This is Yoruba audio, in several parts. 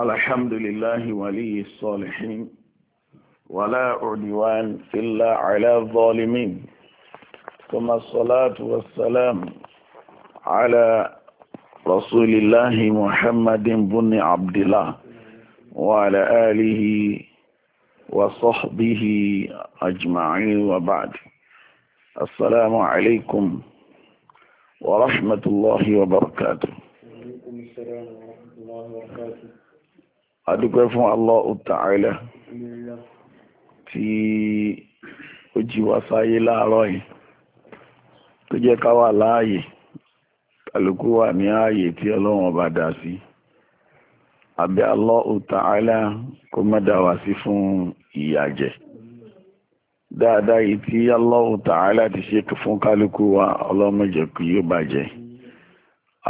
الحمد لله ولي الصالحين ولا عدوان إلا على الظالمين ثم الصلاة والسلام على رسول الله محمد بن عبد الله وعلى آله وصحبه أجمعين وبعد السلام عليكم ورحمة الله وبركاته وعليكم السلام ورحمة الله وبركاته adúpẹ́ fún Allah Ta'ala tí ó jí wa sáyé láàárọ̀ yìí tó jẹ́ ká wà láàyè kálukú wà ní ààyè tí ọlọ́run ọba dá sí àbí Allahu Ta'ala kó má dá wa sí fún ìyàjẹ dáadáa yìí tí Allahu Ta'ala ti ṣe fún kálukú wa ọlọ́mọjẹ kì yóò bàjẹ́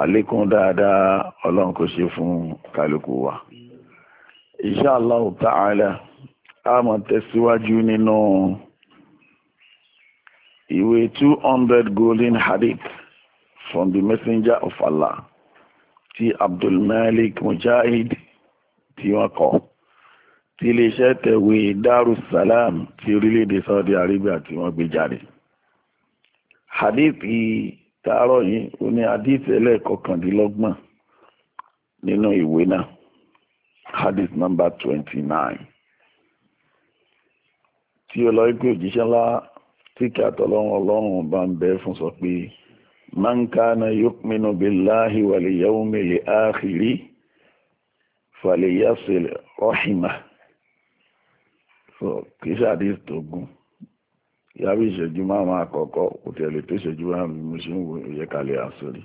àlékún dáadáa ọlọ́run kò ṣe fún kálukú wa. Insha Allah Ta'ala a máa tẹ̀síwájú nínú ìwé 200 golden hadith from the messenger of Allah ti Abdul Malik Mujahid Ti wọ́n Ti tí iléeṣẹ́ tẹ̀wé Darussalam ti orílẹ̀-èdè Saudi Arabia Ti wọ́n gbé jáde hadith yìí tààrọ̀ yìí ó ní hadith ẹlẹ́ẹ̀kọkàndínlọ́gbọ̀n nínú ìwé náà hadith number 29. nine tí ọlọ́rí pé òjíṣẹ́ ńlá tí kí àtọ̀lọ́run ọlọ́run bá ń bẹ fún sọ pé man kana yu'minu billahi wal yawmil akhir falyasil rahimah so kìí ìṣẹ́jú márùn-ún àkọ́kọ́ òtẹ̀lẹ̀ tó ṣẹ́jú márùn-ún mo ń wo ìyẹ́kàlẹ̀ àsọ̀rí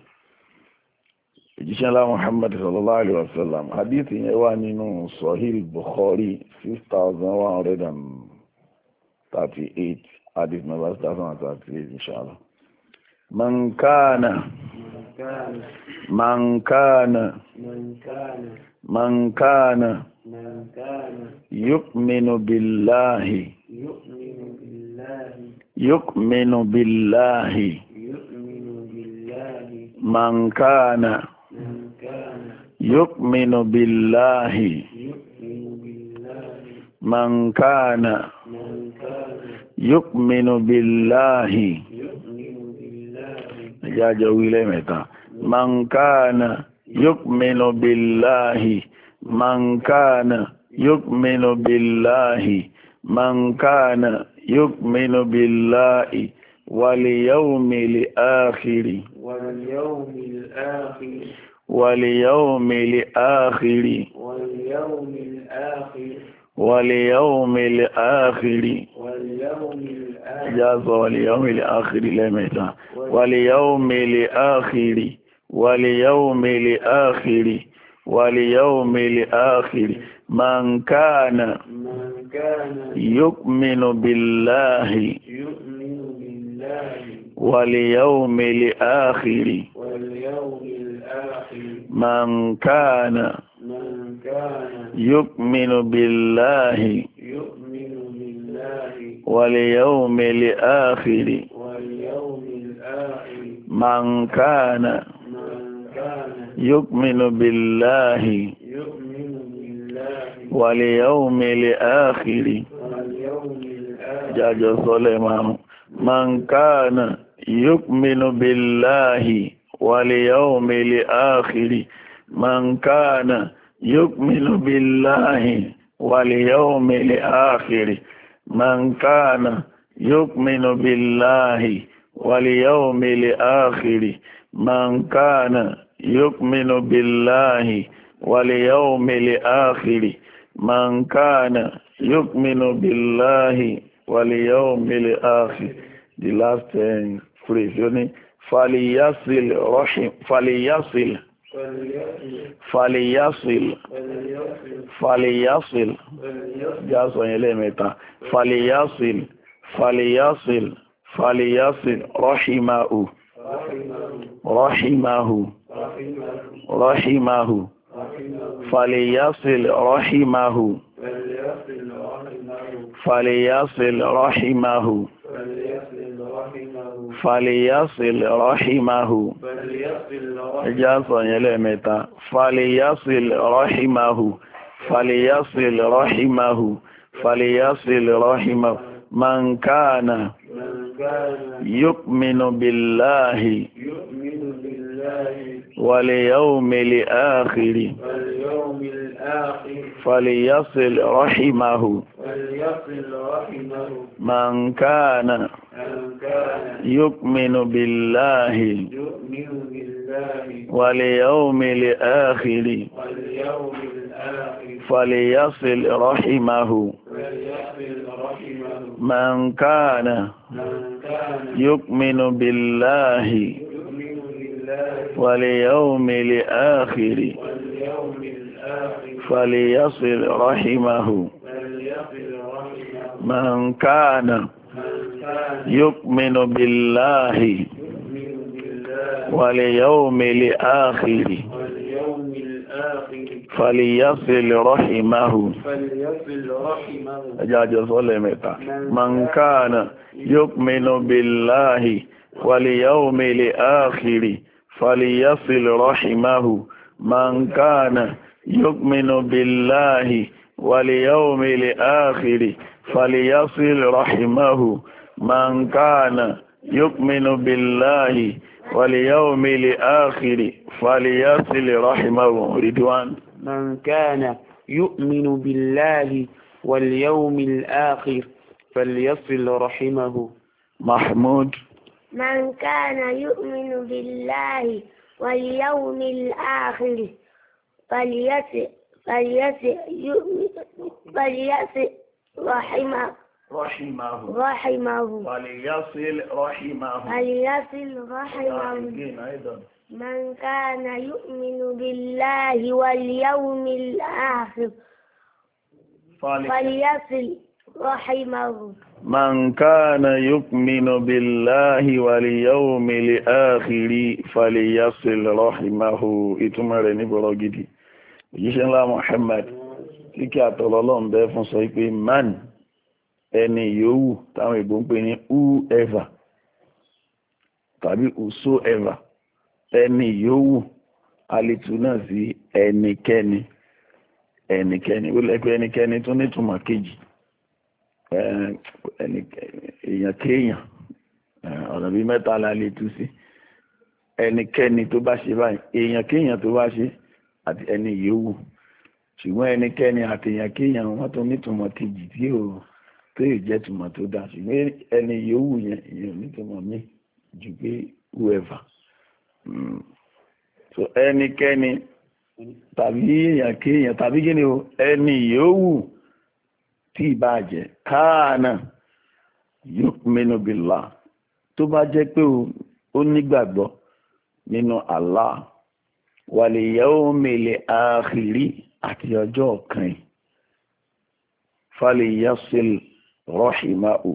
òjíṣẹ́ ńlá muhammad sallallahu alayhi wa sallam hadith yẹn wà nínú sahih bukhari six thousand one hundred and thirty eight hadith number six thousand and thirty eight inshallah. من كان من كان من كان يؤمن بالله يؤمن يؤمن بالله من كان يؤمن بالله يا جويلة متى من كان يؤمن بالله من كان يؤمن بالله من كان يؤمن بالله واليوم الآخر واليوم الآخر واليوم الآخر واليوم الآخر واليوم الآخر واليوم الآخر جاز واليوم الآخر واليوم الآخر واليوم الآخر واليوم الآخر من كان يؤمن بالله واليوم الآخر واليوم من كان يؤمن بالله واليوم الآخر من كان يؤمن بالله واليوم الآخر جاجو سليمان من كان يؤمن بالله واليوم الآخر من كان يؤمن بالله واليوم الآخر من كان يؤمن بالله واليوم الآخر من كان يؤمن بالله واليوم الآخر من كان يؤمن بالله واليوم الآخر the last uh, phrase you know فليصل رحم فليصل فليصل فليصل فليصل فليصل فليصل فليصل رحمه رحمه رحمه فليصل رحمه فليصل رحمه فليصل رحمه جاسون يلميتا فليصل رحمه فليصل رحمه فليصل رحمه من كان يؤمن بالله واليوم الآخر فليصل رحمه من كان يؤمن بالله واليوم الآخر فليصل رحمه من كان يؤمن بالله واليوم الآخر فليصل رحمه من كان يؤمن بالله واليوم الآخر فليصل رحمه اجاجه صلى متى من كان يؤمن بالله واليوم الآخر فليصل رحمه من كان يؤمن بالله واليوم الآخر فليصل رحمه من كان يؤمن بالله واليوم الآخر فليصل رحمه رضوان من كان يؤمن بالله واليوم الآخر فليصل رحمه محمود من كان يؤمن بالله واليوم الآخر فليصل فليصل رحمه رحمه رحمه فليصل رحمه فليصل رحمه من كان يؤمن بالله واليوم الآخر فليصل رحمه من كان يؤمن بالله واليوم الآخر فليصل رحمه ìtumọ̀ ní bọ̀rọ̀ gidi òjíṣẹ́ ńlá Muhammad kíkẹ́ àtọ̀lọ́lọ́ ń bẹ fún ẹni yòówù táwọn ìbò ń pè ní whoever tàbí whosoever ẹni yòówù alitu náà sí ẹnikẹ́ni ẹnikẹ́ni ó lẹ́gbẹ́ ẹnikẹ́ni tó nítumọ̀ kejì èèyàn kéèyàn ọ̀nà bíi mẹ́ta la lè tú sí ẹnikẹ́ni tó bá ṣe báyìí èèyàn kéèyàn tó bá ṣe àti ẹni yòówù ṣùgbọ́n ẹnikẹ́ni àti èèyàn kéèyàn wọ́n tó nítumọ̀ kejì tí yóò tó yìí jẹ́ tùmọ̀ tó dá ṣùgbọ́n ẹni yòówù yẹn ìyẹn ní tùmọ̀ mí ju pé whoever hmm. so ẹnikẹ́ni tàbí èèyàn kéèyàn tàbí kí ni o ẹni yòówù tí ìbá jẹ káànà yóò mẹ́nu billah tó bá jẹ́ pé ó nígbàgbọ́ nínú Allah wàlẹ̀ yawmil akhiri àti ọjọ́ kan falẹ̀ yasil rọ́ṣìmáù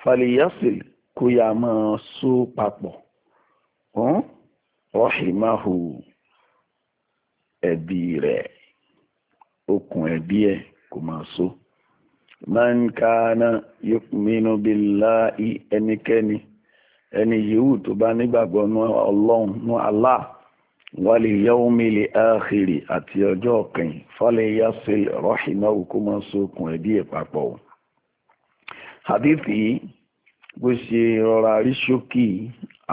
fàlìyàsìl kó yà máa so papọ̀ rọ́ṣìmáù ẹbí rẹ̀ okùn ẹbí ẹ̀ kò máa so man kana yu'minu billahi ẹnikẹ́ni ẹni yìí tó bá nígbàgbọ́ ní ọlọ́run ní Allah wal yawmil akhir àti ọjọ́ kẹyìn fọ́lẹ̀ yá sí rọ́ṣìmáù kó máa so okùn ẹbí ẹ̀ papọ̀ o. hadithi yìí bó ṣe rọra rí ṣókí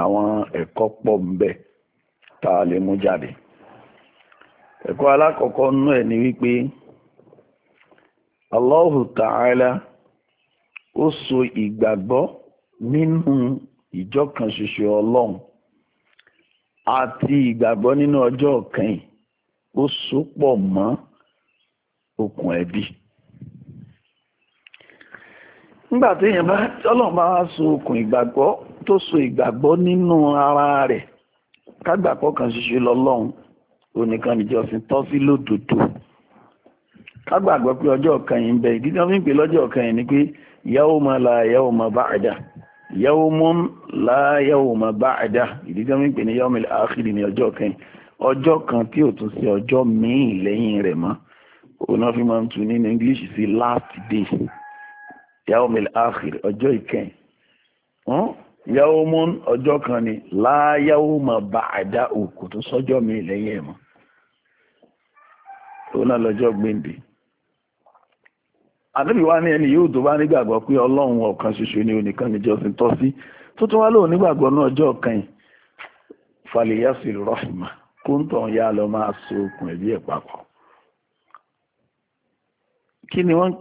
àwọn ẹ̀kọ́ pọ̀ ń bẹ tá a lè mú jáde ẹ̀kọ́ alákọ̀ọ́kọ́ nú ẹ̀ ni wípé Allahu ó so ìgbàgbọ́ nínú ìjọ kan ṣoṣo ọlọ́run àti ìgbàgbọ́ nínú ọjọ́ kan ó so pọ̀ mọ́ okùn ẹbí. E nígbà tí èèyàn bá ọlọ́run bá wá so okùn ìgbàgbọ́ tó so ìgbàgbọ́ nínú ara rẹ̀ kágbàgbọ́ kan ṣoṣo lọ́lọ́run onìkan nìjọsìn tọ́ sí lódodo kágbàgbọ́ pé ọjọ́ kan yìí ń bẹ ìdí tí wọ́n fi ń pè lọ́jọ́ kan yìí ni pé yawma la yawma ba'da yawmun la yawma ba'da ìdí tí wọ́n fi ń pè ní yawmil akhir ní ọjọ́ kan ọjọ́ kan tí ò tún sí ọjọ́ míì lẹ́yìn rẹ̀ mọ́ òun náà fi máa ń tu nínú English sí last day yaomil akhir ọjọ́ ìkẹyìn yaomun ọjọ́ kan ni láyàwómà bàdá òkú tó sọ́jọ́ mi lẹ́yìn ẹ̀mọ́ tó náà lọ́jọ́ gbèǹdé ànábì ní ẹni yóò tó bá nígbàgbọ́ pé ọlọ́run ọ̀kan ṣoṣo ni onìkan níjọsìn tọ́ sí tó tún wá lóun nígbàgbọ́ náà ọjọ́ kẹyìn falẹ̀yàsì kó ń tàn yá lọ máa so okùn ẹ̀ papọ̀ kí ni wọ́n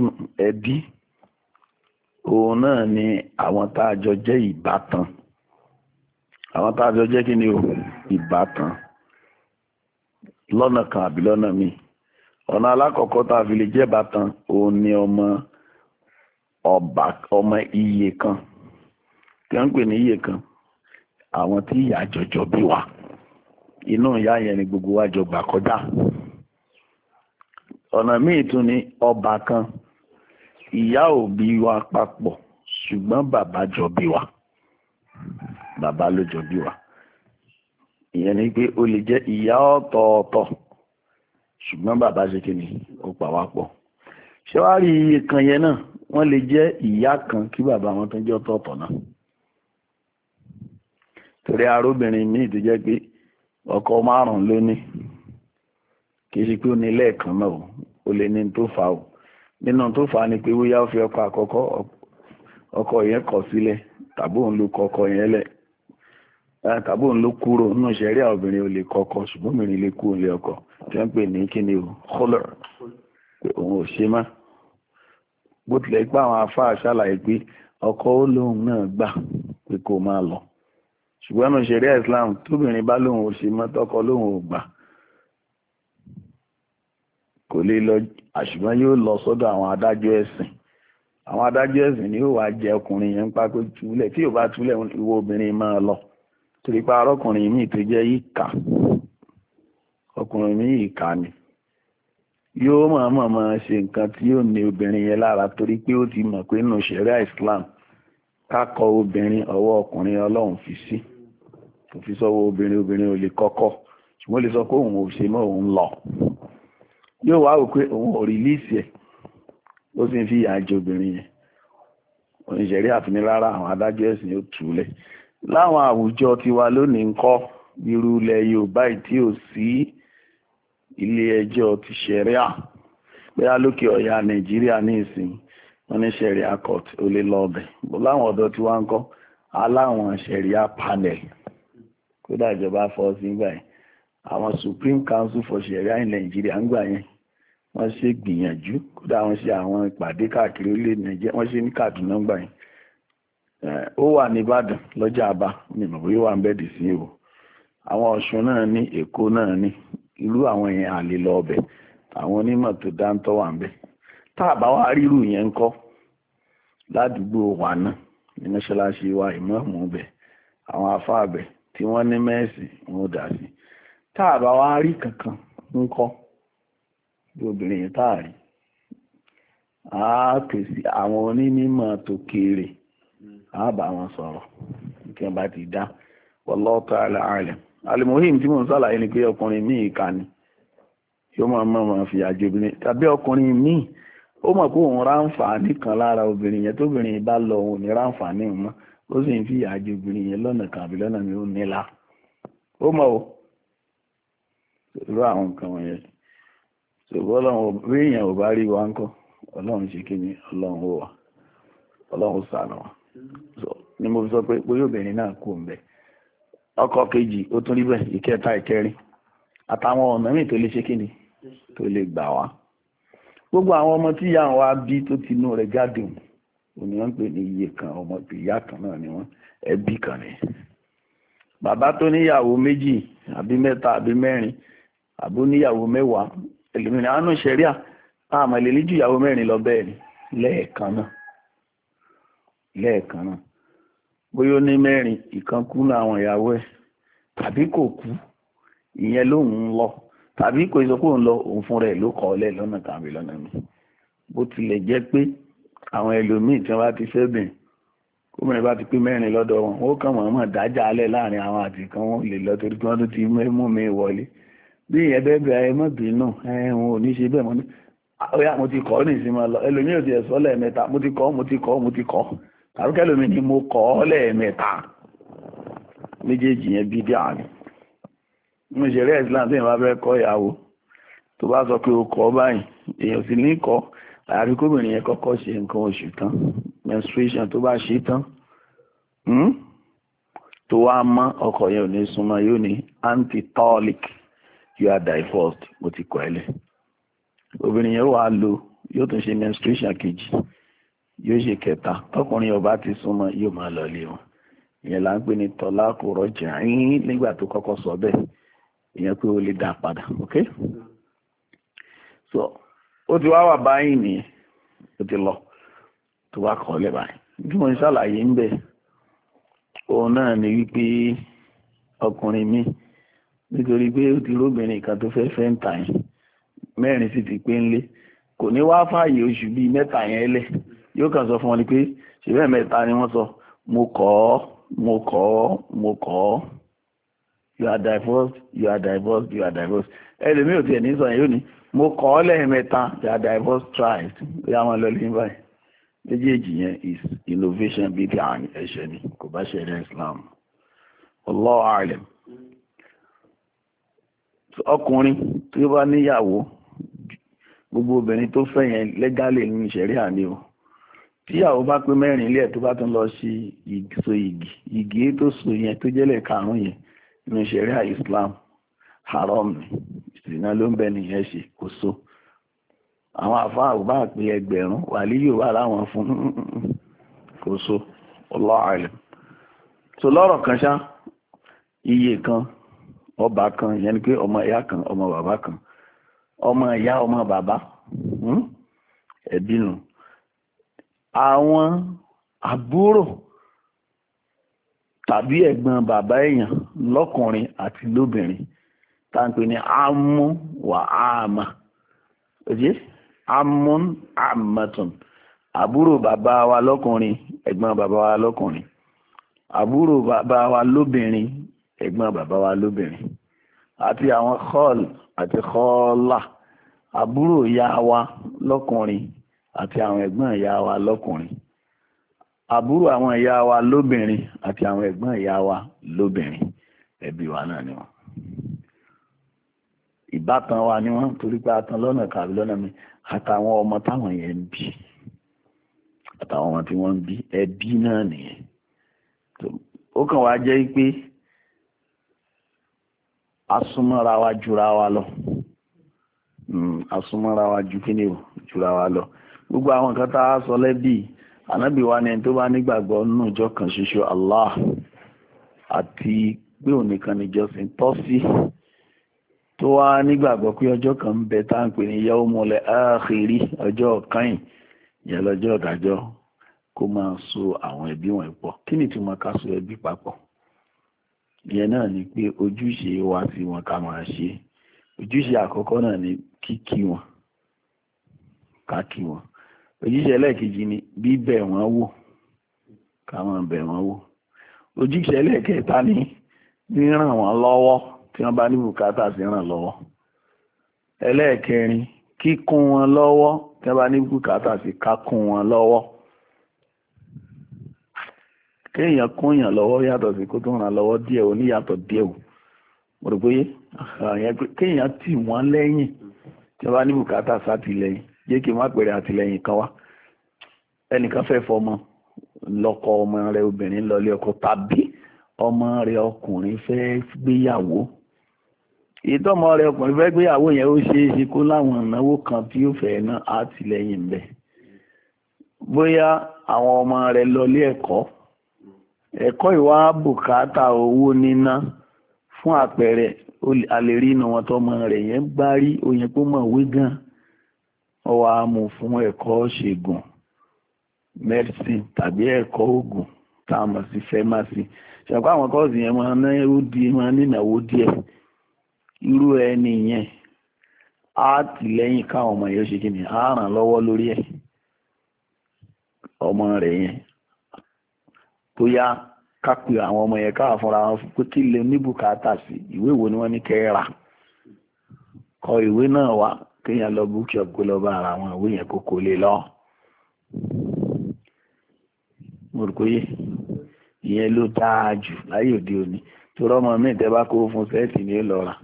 ń òun náà ni àwọn tá a jọ ìbátan àwọn tá a jọ jẹ́ kí ni o ìbátan lọ́nà kan àbí lọ́nà mi ọ̀nà alákọ̀ọ́kọ́ tá fi lè jẹ́ ìbátan òun ni ọmọ ọba ọmọ iye kan tí wọ́n ń pè ní iye kan àwọn tí ìyá jọjọ bí wa inú ìyá yẹn ni gbogbo wa jọ gbà kọjá ọ̀nà míì tún ni ọba kan ìyá ò bí wa papọ̀ ṣùgbọ́n bàbá jọ bí wa bàbá ló jọ wa ìyẹn ni pé ó lè jẹ́ ìyá ọ̀tọ̀ọ̀tọ̀ ṣùgbọ́n bàbá ṣe kí ni ó pa wá pọ̀ ṣé wàá rí iye kan yẹn náà wọ́n lè jẹ́ ìyá kan kí bàbá wọn tó jẹ́ ọ̀tọ̀ọ̀tọ̀ náà torí arábìnrin míì tó jẹ́ pé ọkọ márùn-ún ló ní kì í ṣe pé ó ní lẹ́ẹ̀kan náà ó lè ní tó fà ó nínú tó fà á ni pé bóyá ó fi ọkọ àkọ́kọ́ ọkọ yẹn kọ̀ sílẹ̀ tàbí òun ló kọ ọkọ yẹn lẹ̀ tàbí òun ló kúrò nínú ṣẹ̀ríà obìnrin ò lè kọ ọkọ ṣùgbọ́n obìnrin lè kú ilé ọkọ tí wọ́n pè ní kíni o kọ́lọ̀ pé òun ò ṣe má bó tilẹ̀ pé àwọn afáà ṣàlàyé pé ọkọ ó lóun náà gbà pé kó máa lọ ṣùgbọ́n nínú ṣẹ̀ríà Islam tóbìnrin bá lóun ò ṣe mọ́ tọkọ lóun ò gbà àṣùgbọ́n yóò lọ sọ́dọ̀ àwọn adájọ́ ẹ̀sìn àwọn adájọ́ ẹ̀sìn ni yóò wá jẹ ọkùnrin yẹn ń pa pé túlẹ̀ tí yóò bá túlẹ̀ ìwọ obìnrin máa lọ torí pa arọ́kùnrin míì tó jẹ́ ìkà ọkùnrin míì ìkà ni yóò mọ̀ọ́mọ̀ máa ṣe nǹkan tí yóò ní obìnrin yẹn lára torí pé ó ti mọ̀ pé nù ṣẹ̀ríà Islam kákọ obìnrin ọwọ́ ọkùnrin ọlọ́run fi sí kò fi sọ́wọ́ obìnrin obìnrin ò lè kọ́kọ́ ṣùgbọ́n ó lè sọ pé òun ò ṣe mọ́ òun lọ yóò wá wò pé òun ò rìlíìsì ẹ̀ ó sì ń fi ìyà jẹ obìnrin yẹn oníṣẹ̀rí àfihàn rárá àwọn adájọ́ ẹ̀sìn yóò túlẹ̀ láwọn àwùjọ tiwa lónìí ń kọ́ irú ilẹ̀ Yorùbá tí ò sí ilé ẹjọ́ ti ṣẹ̀ríà bóyá lókè ọ̀yà Nàìjíríà ní ìsìn wọn ní ṣẹ̀ríà court láwọn ọ̀dọ́ tiwa ń kọ́ aláwọn ṣẹ̀ríà panel kódà ìjọba fọ́ sí gbà yìí àwọn Supreme Council for Sharia in Nigeria ń gbà yẹn wọ́n ṣe gbìyànjú kódà wọ́n ṣe àwọn ìpàdé káàkiri orílẹ̀ Nàìjíríà wọ́n ṣe ní Kaduna ń gbà yẹn eh, ó wà ní Ìbàdàn lọ́jà àbá ní ìmọ̀wé wà ń bẹ́ẹ̀dì sí o àwọn Ọ̀ṣun náà ní Èkó náà ní irú àwọn yẹn àlè ọbẹ̀ àwọn onímọ̀ tó dáńtọ́ wà ń bẹ̀ tá a bá wá rírù yẹn ń kọ́ ládùúgbò wa náà ní mọ́ṣáláṣí wa ìmọ̀ọ́mù bẹ̀ àwọn afáàbẹ̀ tí wọ́n ní mẹ́ẹ̀sì wọn ò dá sí i tààbà wá rí kankan ń kọ́ bí obìnrin yẹn a pè àwọn onímọ̀ tó kéré a bá wọn sọ̀rọ̀ kí wọ́n bá ti dá wallahu ta'ala alim alimohim tí mò ń sàlàyé ni pé ọkùnrin míì ní yóò fi àjò obìnrin tàbí ọkùnrin míì ó mọ̀ pé òun lára obìnrin yẹn tóbìnrin bá lọ òun ní ráǹfààní mọ́ ó fi àjò obìnrin yẹn lọ́nà kan àbí lọ́nà mi ò irú àwọn nǹkan wọ̀nyẹn ṣùgbọ́n ọlọ́run bí èèyàn ò bá rí wa ń kọ́ ọlọ́run ṣe kí ni ọlọ́run ó wà ọlọ́run sànà wa ni mo fi sọ pé bóyá obìnrin náà kú ń bẹ ọkọ kejì ó tún rí bẹ́ẹ̀ ìkẹta ìkẹrin àtàwọn ọ̀nà míì tó lè ṣe kí ni tó lè gbà wá gbogbo àwọn ọmọ tí ìyá wa bí tó ti inú rẹ̀ jáde òní wọ́n ń pè ní iye kan ọmọ ìyá kan náà ni wọ́n ẹbí kan ni bàbá tó níyàwó méjì àbí mẹ́ta àbí mẹ́rin àbó níyàwó mẹ́wàá ẹlòmíràn àánú ṣẹ̀ríà àmọ́ ìlélí ju ìyàwó mẹ́rin lọ bẹ́ẹ̀ ni lẹ́ẹ̀kan náà lẹ́ẹ̀kan náà bóyá ó ní mẹ́rin ìkan kú ní àwọn ìyàwó ẹ̀ tàbí kò kú ìyẹn lòun ń lọ tàbí kò sọ pé òun lọ òun fúnra ẹ̀ ló kọ́ ọ lẹ̀ lọ́nà tàbí lọ́nà mi bó tilẹ̀ jẹ́ pé àwọn ẹlòmíì tí wọ́n bá ti fẹ́ bẹ̀rẹ̀ gómìnà bá ti pín mẹ́rin lọ́dọ̀ wọn ó kàn wọ́n mọ̀ dájà alẹ́ láàrin àwọn àti kan wọ́n lè lọ torí kí wọ́n tún ti mú mi wọlé bí ìyẹn bẹ́ẹ̀ bẹ́ẹ̀ ẹ ṣe bẹ́ẹ̀ mọ́ ní ọ̀yá mo ti kọ́ ní ìsinmi lọ ẹlòmíì ò ti ẹ̀sọ́ lẹ́ẹ̀mẹ́ta mo ti kọ́ mo ti kọ́ mo ti kọ́ tàbí kẹlòmíì ni mo kọ́ lẹ́ẹ̀mẹ́ta méjèèjì yẹn bí díà ni mo ṣe rí Islam tí ìyẹn bá kọ́ ìyàwó tó bá sọ pé o kọ́ báyìí èèyàn sì ní kọ́ àyàfi kóbìnrin yẹn kọ́kọ́ ṣe nǹkan oṣù tán menstruation tó bá ṣe tán hmm, tó wá mọ́ ọkọ yẹn ò ní súnmọ́ yóò ní anti you are divorced mo ti kọ̀ ẹ́ lẹ̀ obìnrin yẹn wàá lo yóò tún ṣe menstruation kejì yóò ṣe kẹta tọkùnrin ọba ti súnmọ́ yóò máa lọ ilé wọn ìyẹn là ń pè ní tọ́lá kò rọjà yín nígbà tó kọ́kọ́ sọ bẹ́ẹ̀ ìyẹn pé ó lè dá padà ok so ó ti wá wà báyìí ni ó ti lọ tó bá kọ́ lẹ̀ báyìí bí mo ń ṣàlàyé ń bẹ̀ òun náà ni wípé ọkùnrin mi. nítorí pé ó ti róbìnrin kan tó fẹ́ fẹ́ ń tà yín mẹ́rin sì ti pé ńlé kò ní wá fààyè oṣù bíi mẹ́ta yẹn lẹ̀ yóò kàn sọ fún wọn ni pé ṣèbẹ́ mẹ́ta ni wọ́n sọ mo kọ̀ mo kọ̀ mo kọ̀ you are divorced you are divorced you are divorced ẹlòmíì ò tiẹ̀ ní sọ yóò ní mo kọ̀ ọ́ you are divorced thrice ó yà wọn lọ lé báyìí méjèèjì yẹn is innovation bíi ti àrùn ẹ̀ṣẹ̀ ni kò bá ṣẹlẹ̀ Islam Allah alim ọkùnrin tí ó bá níyàwó gbogbo obìnrin tó fẹ́ yẹn lẹ́gálẹ̀ nínú ìṣẹ̀rí àní o tíyàwó bá pé mẹ́rin ilé ẹ̀ tó bá tún lọ sí so igi igi tó so yẹn tó jẹ́lẹ̀ karùn-ún yẹn nínú ìṣẹ̀rí Islam haram ni ìsìnà ló ń bẹ nìyẹn ṣe kò so àwọn àfáà ò bá pé ẹgbẹ̀rún wàlí yóò wà láwọn fún mm, mm, mm, kò so Allahu alim so lọ́rọ̀ kan ṣá iye kan ọba kan ìyẹn ni pé ọmọ ìyá kan ọmọ bàbá kan ọmọ ìyá ọmọ bàbá hmm? ẹbí nù àwọn àbúrò tàbí ẹ̀gbọ́n bàbá èèyàn lọ́kùnrin àti lóbìnrin tá ń pè ní amú wà áàmà òjé amún àmàtún àbúrò bàbá wa lọ́kùnrin ẹ̀gbọ́n bàbá wa lọ́kùnrin àbúrò bàbá wa lóbìnrin ẹ̀gbọ́n bàbá wa lóbìnrin àti àwọn hall àti họ́ọ́là àbúrò ìyá wa lọ́kùnrin àti àwọn ẹ̀gbọ́n ìyá wa lọ́kùnrin àbúrò àwọn ìyá wa lóbìnrin àti àwọn ẹ̀gbọ́n ìyá wa lóbìnrin ẹbí wa náà ni wọ́n ìbátan wa ni wọ́n torí pé atan lọ́nà kàbí lọ́nà mi àtàwọn ọmọ táwọn yẹn ń bí àtàwọn ọmọ tí wọ́n ń bí ẹbí náà nìyẹn ó kàn wá jẹ́ pé asúnmọ́ra wa jura wa lọ hmm, asúnmọ́ra wa ju kí ni o jura wa lọ gbogbo àwọn kan tá a sọ lẹ́bí ànábì wa ni tó bá nígbàgbọ́ nínú ìjọ kan ṣoṣo Allah àti pé òun nìkan níjọsìn tọ́ sí tó wá nígbàgbọ́ pé ọjọ́ kan ń bẹ tá à ń pè ní yaumul akhiri ọjọ́ kan yẹn lọ́jọ́ ìdájọ́ kó máa so àwọn ẹbí wọn pọ̀ kí ni ìtumọ̀ ká so ẹbí papọ̀ yẹn náà ni pé ojúṣe wa sí wọn ká máa ṣe ojúṣe àkọ́kọ́ náà ni kíkí wọn ká kí wọn ojúṣe ẹlẹ́ẹ̀kejì ni bíbẹ̀ wọ́n wò ká máa bẹ̀ wọ́n wò ojúṣe ẹlẹ́ẹ̀kẹta ni ríràn wọ́n lọ́wọ́ tí wọ́n bá ní bùkátà sí ràn lọ́wọ́ ẹlẹ́ẹ̀kẹrin kíkún wọn lọ́wọ́ tí wọ́n bá ní bùkátà sí kákún wọn lọ́wọ́ kéèyàn kóyàn lọ́wọ́ yàtọ̀ sí kó tó ràn lọ́wọ́ díẹ̀ ò níyàtọ̀ díẹ̀ ò mo rò pé kéèyàn tì wọ́n lẹ́yìn tí wọ́n bá ní bùkátà sátìlẹ́yìn jẹ́ kí n má pèrè àtìlẹ́yìn kan wá ẹnìkan fẹ́ fọmọ lọ́kọ ọmọ rẹ̀ obìnrin lọlé ọkọ tàbí ọmọ rẹ̀ ọkùnrin fẹ́ gbéyàwó ìtọ́mọ rẹ̀ ọkùnrin fẹ́ gbéyàwó yẹn ó ṣeé ṣe kó láwọn ìnáwó kan tí ó fẹ́ ná àtìlẹ́yìn bẹ́ẹ̀ bóyá àwọn ọmọ rẹ̀ lọlé ẹ̀kọ́ ẹ̀kọ́ ìwà bùkátà owó níná fún àpẹẹrẹ àlérí inú wọn tọmọ rẹ̀ yẹn bá rí oyin pé gan fún ṣègùn tàbí a sí pharmacy ṣàpá àwọn kọ́ọ̀sì yẹn máa ná di máa nínáwó díẹ̀ irú ẹni yẹn á tìlẹ́yìn káwọn ọmọ yẹn ṣe kí ni á ràn lọwọ lórí ẹ̀ ọmọ yẹn bóyá ká pe àwọn ọmọ yẹn káwà fúnra wọn pé kí lè níbùkátà sí ìwé wo ni wọ́n ní kẹ́ rà kọ ìwé náà wá kéèyàn lọ bookshop kó lọ bá ara àwọn ìwé yẹn kó kó lè lọ. mo rò pé ìyẹn ló dáa jù láyé òde òní tó rọmọ mi tẹ bá kó fún sẹ́ẹ̀tì ní ìlọra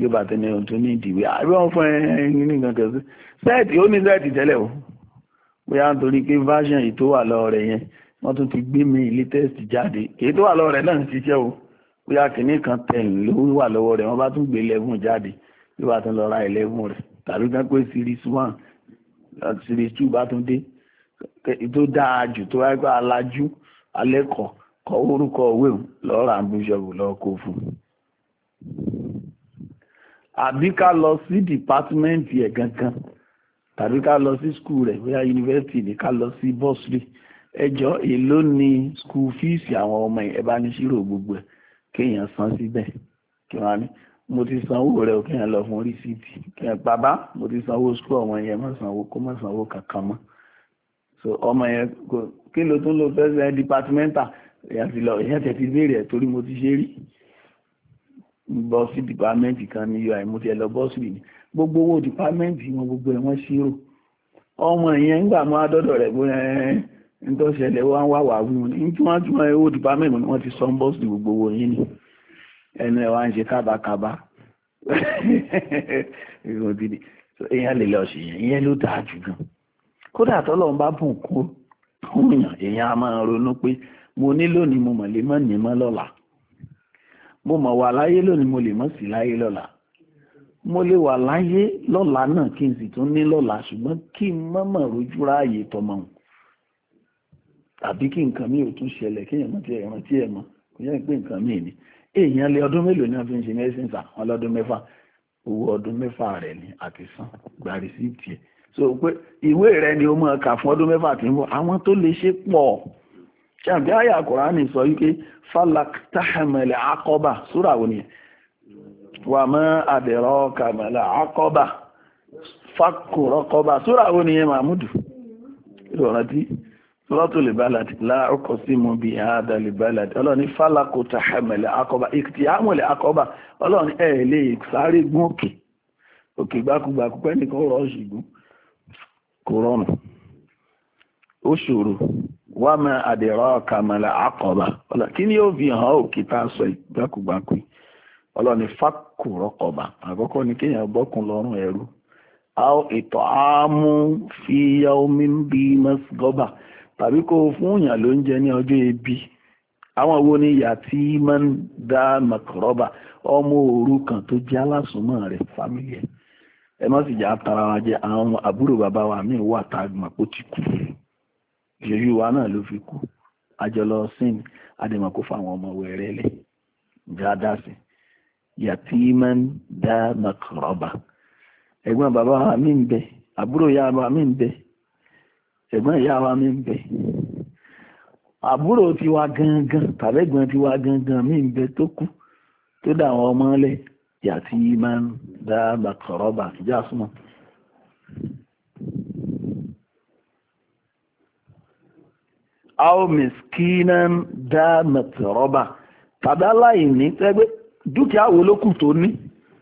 yóò bá tẹ́lẹ̀ ohun tó ní ìdìwé àbí wọ́n fún ẹni nìkan kẹsí sẹ́ẹ̀tì ó ní sẹ́ẹ̀tì tẹ́lẹ̀ o bóyá nítorí pé version yìí tó wà lọ rẹ̀ yẹn wọ́n tún ti gbé mi ilé tẹ́sì jáde èyí tó wà lọ́wọ́ rẹ̀ náà ń ṣiṣẹ́ o bóyá kìíní kan ten ló wà lọ́wọ́ rẹ̀ wọ́n bá tún gbé eleven jáde bí wàá tún lọ ra eleven rẹ̀ tàbí kan pé series one uh, series two bá tún dé tó dáa jù tó wáyé pé alájú alẹ́kọ̀ọ́ kọ orúkọ òwe lọ́ọ́ ra bíṣọ̀bù lọ́ọ́ kó fún un àbí ká lọ sí dìpátímẹ́ǹtì ẹ̀ gangan tàbí ká lọ sí skul rẹ̀ bóyá yunifásitì ni ká lọ sí bọ́sùlì ẹjọ́ èló ni school fees àwọn ọmọ ẹ̀ bá ní ṣírò gbogbo ẹ̀ kéèyàn san síbẹ̀ kí wọ́n á ní mo ti sanwó rẹ̀ ò kéèyàn lọ fún rìsíìtì kéèyàn bàbá mo ti sanwó school ọmọ yẹn má sanwó kó má sanwó kankan mọ́ so ọmọ yẹn kò kí ló tún lọ fẹ́ sẹ́ dìpátímẹ́ntà èèyàn ti lọ èèyàn tẹ̀ ti béèrè ẹ̀ torí mo ti ṣe rí bọ́ sí dìpámẹ́ǹtì kan ní ui mo ti ẹ̀ lọ bọ́ sí ìní gbogbo owó dìpámẹ́ǹtì wọn gbogbo ẹ̀ wọ́n ṣírò ọmọ yẹn ń gbà mọ́ adọ́dọ̀ rẹ̀ bóyá ẹ̀ ní tó ṣẹlẹ̀ wá ń wà wí ní tí wọ́n tún ni wọ́n ti sọ ń bọ́ sí gbogbo owó yín ni ẹnu ẹ̀ wá ń ṣe kábàkábà èèyàn lè lọ ṣèyàn ìyẹn ló dáa jù gan kódà tọ́lọ́run bá bùn kú èèyàn èèyàn a máa ronú pé mo ní lónìí mo mọ̀ lè mọ̀ ní mọ́ lọ́la mo mọ̀ wà láyé lónìí mo lè mọ̀ sí láyé lọ́la mo lè wà láyé lọ́la náà kí n sì tún ní lọ́la ṣùgbọ́n kí n mọ̀ mọ̀ rojú ráàyè tọmọ àbí kí nǹkan míì ò tún ṣẹlẹ̀ kí èèyàn ti ẹ̀ràn tí ẹ̀ mọ̀ kò yẹ pé nǹkan míì ni èèyàn lé ọdún mélòó ní wọ́n fi ń ṣe sà wọn lọ́dún mẹ́fà owó ọdún mẹ́fà rẹ̀ ni àti san gba rìsíìtì ẹ̀ so pé ìwé rẹ̀ ni o máa kà fún ọdún mẹ́fà tí ń bọ̀ àwọn tó lè ṣe pọ̀ ṣàbí àyà kùránì sọ wípé falak tahamẹlẹ akọba súrà wo nìyẹn wà mọ àdẹrọ kàmẹlẹ akọba fakùrọkọba súrà wo nìyẹn mahmud ìrọ̀rántí sọ́tò lè bálàdì láàrúkọ sí mú bí àádá lè bálàdì ọlọ́ni fálàkò akọba ìkìtì akọba ọlọ́ni ẹ̀ lè sáré òkè òkè rọ̀ ṣùgbọ́n kò rọrùn ó ṣòro àdìrọ̀ akọba kí ni yóò fi hàn òkè tá a sọ gbákùgbàkù ọlọ́ni fákùrọ̀kọba àkọ́kọ́ ni kéèyàn bọ́kùn omi tàbí kó fún yàn ló ń ní ọjọ́ ebi àwọn wo ni ìyá tí máa ń dá ọmọ òrukàn tó jẹ́ alásùnmọ́ rẹ̀ fámìlì ẹ̀ ẹ má sì já wa jẹ àwọn àbúrò bàbá wa míì wà tá a gbọ̀n ti wa náà ló fi kú àjọlọ sin kó fáwọn ọmọ wẹ̀rẹ́ lẹ̀ sí ìyá tí máa ń wa ń bẹ àbúrò wa ń ẹ̀gbọ́n ìyá wa mi ń bẹ àbúrò tiwa gangan tàbẹ́gbọ́n tiwa gangan mi ń bẹ tó kú tó dà àwọn ọmọ lẹ̀ yàtí máa ń dá bàtọ̀rọ̀ bà ìjà súnmọ́. àwọn miskinan dá bàtọ̀rọ̀ bà tàbí aláìní tẹ́gbẹ́ dúkìá wo ló kù tó ní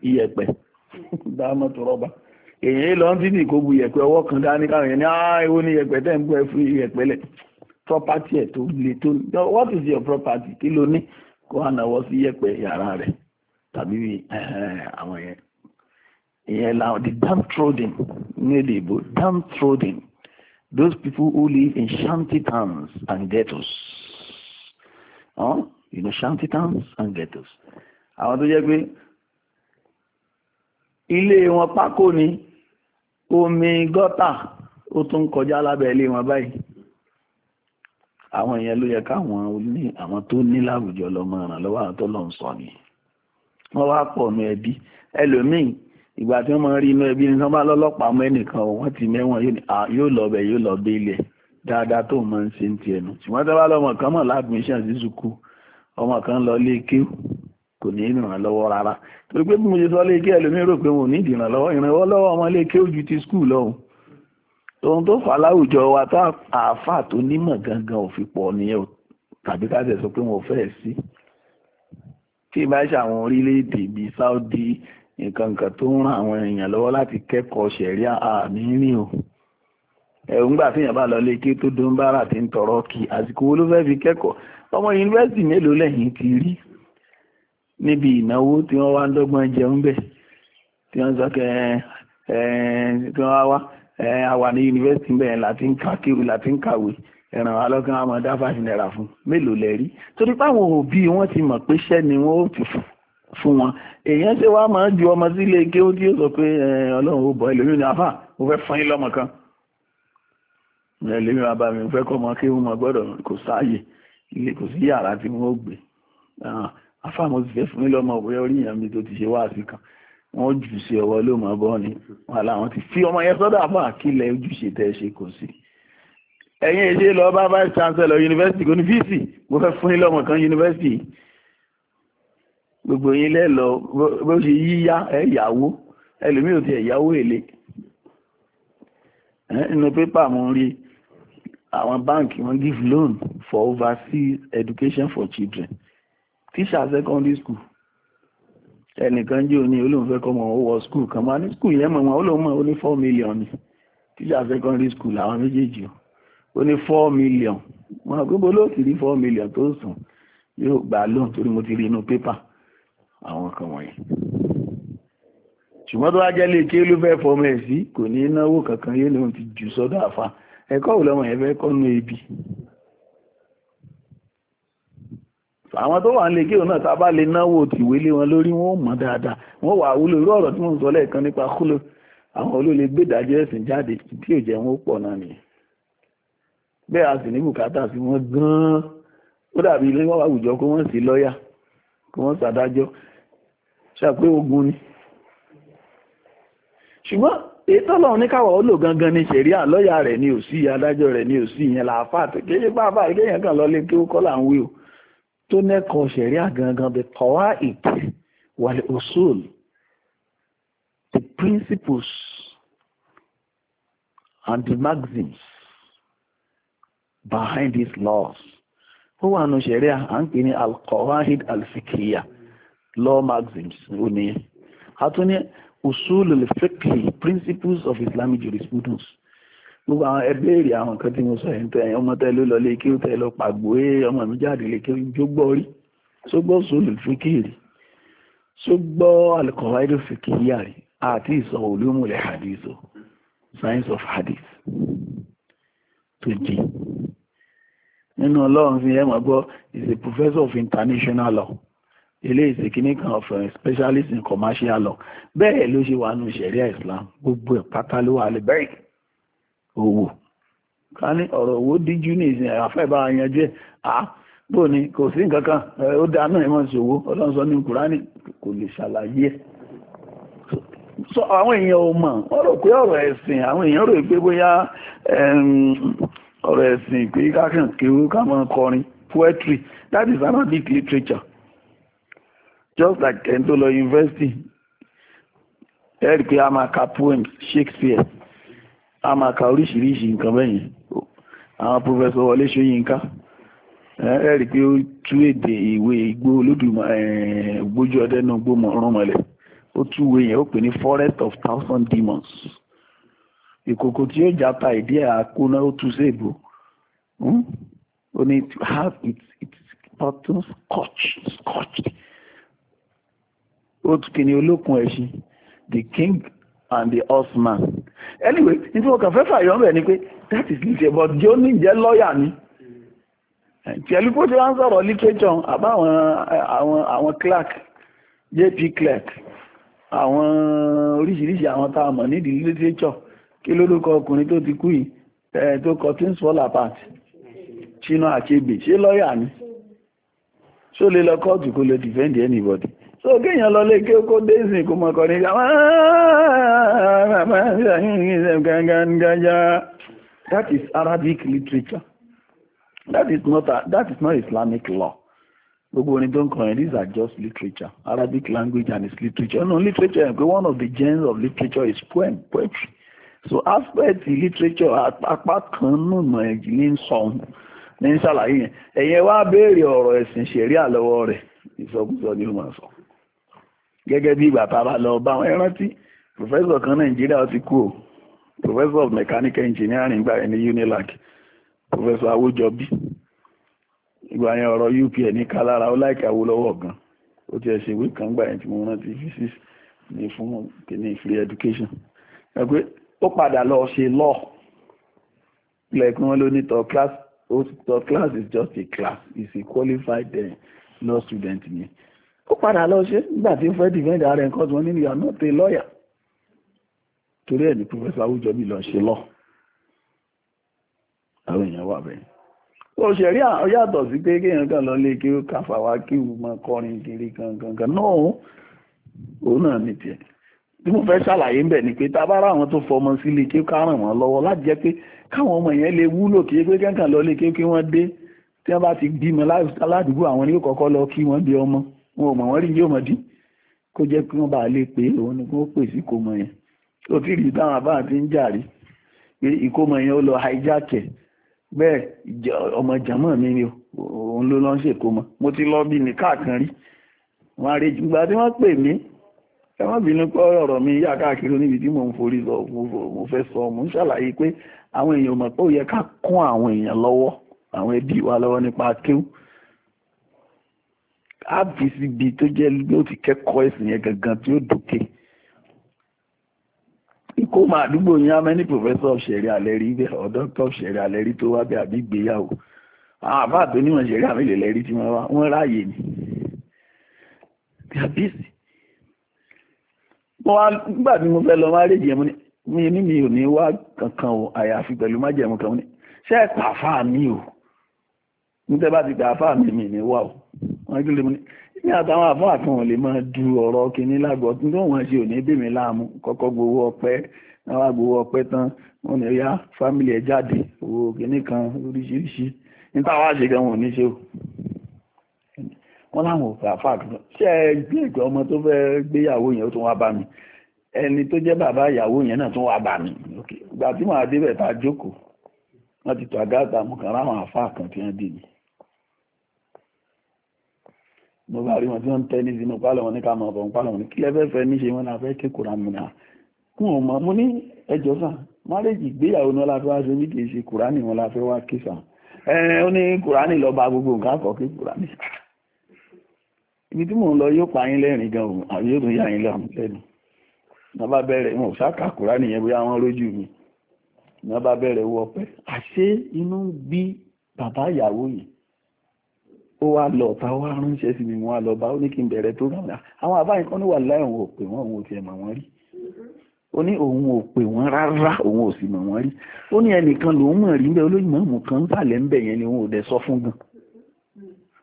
iyẹ̀pẹ̀ dá bàtọ̀rọ̀ èyàn lọ ń tí ìkógun yẹ̀pẹ̀ ọwọ́ kan dání káwọn yẹn ní àìwó ah, ní yẹ̀pẹ̀ tẹ́ ń gbọ́ ẹ̀fún yẹ̀pẹ̀ lẹ̀ property ẹ̀ tó le tó what is your property kí ló ní kó ànáwọ́ sí yẹ̀pẹ̀ yàrá rẹ̀ tàbí eh, àwọn yẹn ìyẹn làwọn the downtrodden ní èdè ìbò downtrodden those people who live in shanty towns and ghettos huh? you know shanty towns and ghettos àwọn tó jẹ́ pé ilé wọn pákó ni omi gọ́tà ó tún kọjá lábẹ́ ilé wọn báyìí àwọn èèyàn ló yẹ káwọn ní àwọn tó ní láwùjọ lọ́mọ ràn lọ́wọ́ àwọn tó lọ ń sọ ni wọ́n wá pọ̀ nù ẹbí ẹlòmíì ìgbà tí wọ́n máa rí inú ẹbí ni wọ́n bá lọ́lọ́pàá mọ́ ẹnìkan wọ́n ti mẹ́wọ̀n yóò lọ bẹ̀ yóò lọ bẹ́ẹ̀lẹ̀ dáadáa tó máa ń ṣe ń tiẹ̀ nù ṣùgbọ́n tí wọ́n bá lọ́mọ kan mọ̀ láàdùn àti sùkú ọmọ kan lọ lé kéwù kò ní ìrànlọ́wọ́ rárá torí pé bí mo ṣe sọ léèké ẹlòmíín rò pé wọn ò ní ìdìrànlọ́wọ́ ìrànwọ́ lọ́wọ́ ọmọ léèké ojú ti skul lọ́hùn ohun tó fà láwùjọ wa tá àáfà tó nímọ̀ gangan ò pọ̀ nìyẹn tàbí ká sọ pé wọn ò fẹ́ sí tí ìbá ṣe àwọn orílẹ̀-èdè bíi Saudi nǹkan kan tó ń ran àwọn èèyàn lọ́wọ́ láti kẹ́kọ̀ọ́ ṣẹ̀ríà àmì rìn o ẹ̀rù ń gbà fihàn bá lọ léèké tó dún bára ti ń tọrọ kí àsìkò wo ló fẹ́ fi kẹ́kọ̀ọ́ ọmọ yunifásitì mélòó lẹ́yìn ti rí níbi ìnáwó tí wọ́n wá ń dọ́gbọ́n jẹun bẹ̀ tí wọ́n sọ kẹ́ ẹ tí wọ́n wá àwà ní yunifásitì bẹ́ẹ̀ láti ń kàkiri láti ń kàwé ẹ̀ràn alọ́kàn àmọ́ dá fàṣì fún mélòó lẹ torí páwọn òbí wọn ti mọ̀ pé iṣẹ́ ni wọ́n ó ti fún wọn èèyàn ṣe wá máa ń ju ọmọ sílé kí ó tí ó sọ pé ọlọ́run ó bọ̀ ẹlòmíì ní afá ó fẹ́ fún yín lọ́mọ kan ẹlòmíì bàbá mi fẹ́ kọ́ ọmọ kí wọ́n mọ gbọ́dọ̀ kò sáàyè ilé kò sí yàrá tí wọ́n ó gbé afáàmọ́ ti fẹ́ fún mi lọ́mọ bóyá orí ìyàn mi tó ti ṣe wáàsí kan wọ́n jù sí ọwọ́ ló mọ̀ bọ́ ni wà láwọn ti fi ọmọ yẹn sọ́dọ̀ àbọ̀ àkílẹ̀ ojúṣe tẹ́ ṣe kò sí ẹ̀yin èdè lọ bá vice chancellor university kò ní fíìsì mo fẹ́ fún yín lọ́mọ kan university gbogbo yín lẹ́lọ bó ṣe yíyá ẹ̀yàwó ẹlòmíì ò ti ẹ̀yàwó èlé nínú pépà mo rí àwọn báǹkì wọn give loan for overseas education for children tíṣà secondary school ẹnìkan jẹ́ òní olóòfẹ́ kọmọ ó wọ skul kan máa ní skul yẹn mọ̀ wọn ó ní four million ni tíṣà secondary school làwọn méjèèjì ó ní four million wọn gbogbo ló rí four million tó sùn yóò gbà lóhùn torí mo ti rí inú pépà àwọn kan wọ̀nyí ṣùgbọ́n tó wá jẹ́ lè ké ló fẹ́ fọmọ ẹ̀ sí kò ní náwó kankan yóò lóhun ti jù sọ́dọ̀ àfa ẹ̀kọ́ òlọ́mọ yẹn fẹ́ kọ́nu ebi àwọn tó wà ń lè kí òun náà tá a bá lè náwó tìwé lé wọn lórí wọn ò mọ̀ dáadáa wọn wà wúlò irú ọ̀rọ̀ tí mò ń sọ lẹ́ẹ̀kan nípa kúlò àwọn olóòlè gbèdájọ́ ẹ̀sìn jáde tí ò jẹ́ wọn ó pọ̀ náà nìyẹn bẹ́ẹ̀ a sì ní bùkátà sí wọn gan ó dàbí ilé wọn àwùjọ kó wọ́n sí lọ́ọ̀yà kó wọ́n ṣàdájọ́ ṣàpé ogun ni ṣùgbọ́n èyí tó lọ́run ní káwọ̀ ó lò gangan ní ṣẹ̀ríà lọ́ọ̀yà rẹ̀ ni ò sí adájọ́ rẹ̀ ni ò sí ìyẹn làáfà kéyìn bá bá kéyìn kan lọ lé kí ó kọ́ là ń wí o tó nẹ́kọ̀ọ́ ṣẹ̀rí àgangan the qawaid wal usul the principles and the maxims behind these laws ó wà nù ṣẹ̀rí à ń pè ní al-qawaid al-fiqhiyya law maxims ó ní a tún usul al-fiqhi principles of Islamic jurisprudence gbogbo àwọn ẹbí èrè àwọn nǹkan tí mo sọ yẹn tẹ ọmọ tẹ ló lọlé kí ó tẹ lọ pàgbó ẹ ọmọ mi jáde lè kí ó gbọ́ rí sógbọ́ sólù fíkìrì sógbọ́ alukọ̀wáìdò fíkìrì yàrí àti ìsọ olómùlẹ̀ hadith science of hadith tó jẹ nínú ọlọ́run fi ẹ̀ mọ̀ gbọ́ is a professor of international law eléyìí sì kan of eh, specialist in commercial law bẹ́ẹ̀ ló ṣe wà nù sẹ̀ríà Islam gbogbo ẹ̀ pátá ló wà lẹ́bẹ̀rẹ̀ owó ká ní ọ̀rọ̀ owó díjú ní ìsìn àfẹ́ bá yanjú ẹ̀ à bò kò sí nǹkan kan ó dá ìmọ̀ ìṣòwò ọlọ́run sọ ní kùránì kò lè ṣàlàyé àwọn èèyàn ò mọ̀ wọ́n rò pé ọ̀rọ̀ ẹ̀sìn àwọn èèyàn rò pé bóyá ọ̀rọ̀ ẹ̀sìn pé kákan kéwú káwọn kọrin poetry that is Arabic literature just like ẹni tó lọ a máa ka poems Shakespeare a máa ka oríṣiríṣi nǹkan bẹ́yìn àwọn pòfẹ́sọ̀ Wọlé Ṣóyínká ẹ rí pé ó tú èdè ìwé igbó olódùmọ̀ ògbójú ọdẹ́nu gbómọ̀ránmọ̀lẹ̀ ó tú ìwé yẹn ó pè ní forest of thousand demons ìkòkò tí ó jata ìdí ẹ̀ àkóná ó tú séèbò hmm? ó ní to have its its bottom scotched scotched ó tún kí ni olókun ẹ̀ṣin the king and the horseman anyway nítorí wọn kàn fẹ́ fàyọ̀ ń bẹ̀ ni pé that is literature but Johnny jẹ́ lọ́ọ̀yà ni pẹ̀lú bó ṣe wá ń sọ̀rọ̀ literature àbá àwọn àwọn àwọn clerk JP clerk àwọn oríṣiríṣi àwọn tá a mọ̀ nídìí literature kí ló ló kọ ọkùnrin tó ti kú yìí tó kọ things fall apart Chinua Achebe ṣé lọ́ọ̀yà ni ṣó lè lọ kóòtù kó lè defend anybody so kéèyàn lọ lé kí ó kó dézìn kó mọ̀kọ̀ ní that is Arabic literature that is not a, that is not Islamic law gbogbo orin tó ń kọrin these are just literature Arabic language and its literature no literature ẹ̀ one of the genres of literature is poem poetry so aspect literature apá kan nùmọ̀ ẹ̀jìnlẹ̀ ń sọ ní ṣàlàyé yẹn ẹ̀yẹn wá béèrè ọ̀rọ̀ ẹ̀sìn ṣẹ̀ríà lọ́wọ́ rẹ̀ ìsọkúsọ ni ó máa sọ gẹ́gẹ́ bí ìgbà bá lọ bá wọn rántí professor kan nàìjíríà ti kú o professor of mechanical engineering gba ẹni unilag professor awojobi ìgbà yẹn ọ̀rọ̀ UPN ní kálára ó láìka Awólọ́wọ̀ gan ó ti ẹ̀ ṣèwé kan gbà yẹn tí mo rántí physics ní fún kìíní free education ẹ pé ó padà lọ ṣe law lẹ́kùn wọn ló ní tọ́ class tọ́ class is just a class is a qualified eh, law student yẹn ó padà lọ ṣe nígbà tí ó fẹ́ dìfẹ́ǹdì ààrẹ nǹkan tí wọ́n nínú ìyá náà tẹ lọ́ọ̀yà torí ẹ̀ ní pòfẹ́sà Awújọbí lọ ṣe lọ àwọn èèyàn wà bẹ́ẹ̀ ó ṣẹ̀rí yàtọ̀ sí pé kéèyàn kan lọ lé kí ó káfà wá kí ó mọ kọrin kiri kankan náà òun náà ní tiẹ̀ tí mo fẹ́ ṣàlàyé ńbẹ̀ ni pé tá a bá ra àwọn tó fọmọ sílé kí ó ká ràn wọ́n lọ́wọ́ láti jẹ́ pé káwọn ọmọ yẹn lè wúlò kí pé kẹ́kàn lọ lé kí wọ́n dé tí wọ́n bá ti bímọ aládùúgbò àwọn ni lọ kí wọ́n bí ọmọ wọn ò mọ̀ wọ́n rí yóò mọ̀ dí kó jẹ́ kí wọ́n bá lè pé òun ni wọ́n pè sí ìkómọ yẹn ó ti rí táwọn àbá àti ń jà rí pé ìkómọ yẹn ó lọ hijack ẹ̀ bẹ́ẹ̀ ọmọ jàmọ́ mi ni òun ló lọ́ ń ṣèkómọ mo ti lọ bí ní káàkan rí wọn àrè ìgbà tí wọ́n pè mí ẹ má bínú pé ọ̀rọ̀ mi yá káàkiri níbi tí mò ń forí sọ mo fẹ́ sọ mo ń ṣàlàyé pé àwọn èèyàn mọ̀ pé ó yẹ ká kún àwọn èèyàn lọ́wọ́ àwọn ẹbí wa lọ́wọ́ nípa akéwù á fi síbi tó jẹ́ yóò ti kẹ́kọ̀ọ́ ẹ̀sìn yẹn gangan tí ó dókè kó máa àdúgbò yín amẹ́ni professor of sẹ̀rí alẹ́rí bẹ́ẹ̀ or doctor of sẹ̀rí alẹ́rí tó wá bẹ́ẹ̀ àbí ìgbéyàwó àwọn àbá àti onímọ̀ sẹ̀rí àmìlẹ̀ lẹ́rí tí wọ́n wá wọ́n ráàyè ni kàbíyèsí mo wá nígbà tí mo fẹ́ lọ má réjì ẹ̀mú mi ní mi ò ní wá kankan o àyàfi pẹ̀lú májẹ̀mú kan ní ṣe é pàfà mi o níta bá ti pàfà mi mi ní wà o wọ́n kí ló mú ní ní àtàwọn àfọ́ àtàwọn lè máa du ọ̀rọ̀ kìíní lágọ̀ọ́ tí wọ́n ṣe ò ní bèmí láàmú kọ́kọ́ gbowó ọpẹ́ náà gbowó ọpẹ́ tán wọ́n ní ya fámìlì ẹ̀ jáde owó kìíní kan oríṣiríṣi ní táwọn àṣekẹ wọn ò ní ṣe o wọ́n láwọn òfin àfà àdúrà ṣé ẹ gbé ìgbà ọmọ tó fẹ́ gbéyàwó yẹn ó tún wá bá mi ẹni tó jẹ́ bàbá ìyàwó yẹn náà tún wá bá mi ìgbà tí màá débẹ̀ tá a jókòó wọ́n ti tọ́ mo bá rí wọn tí wọ́n ń tẹ́lẹ̀ sínú pálọ̀ wọn ní ká máa bọ̀ ń pálọ̀ wọn ní kí lẹ́fẹ́ fẹ́ níṣe wọn láfẹ́ kí kùránù ni kún wọn mọ mo ní ẹjọ́ sà márèjì ìgbéyàwó ni wọn láfẹ́ wá ṣe bí kì í ṣe kùránì wọn láfẹ́ wá kí sà ẹ ó ní kùránì lọ bá gbogbo nǹkan kọ kí kùránì ibi tí mò ń lọ yóò pa yín lẹ́rìn gan òun àbí yóò tún yà yín lọ́rùn lẹ́nu ní wọ́n bá bẹ̀rẹ̀ wọn ò sáka kùránì yẹn bóyá wọ́n rójú mi ní wọ́n bá bẹ̀rẹ̀ wọ pẹ́ àṣé inú bí bàbá ìyàwó yìí ó wá lọ ọ̀tá wá ránṣẹ́ sí mi wọ́n á lọ bá ó ní kí n bẹ̀rẹ̀ program náà àwọn àbáyé kan ní wà láì òun ò pè wọ́n òun ò tiẹ̀ mọ̀ wọ́n rí ó ní òun ò pè wọ́n rárá òun ò sì mọ̀ wọ́n rí ó ní ẹnìkan lòun mọ̀ rí bẹ́ẹ̀ olóyìn mọ̀ọ́mù kan ń sàlẹ̀ ń bẹ̀ yẹn ni òun ò dẹ̀ sọ fún gan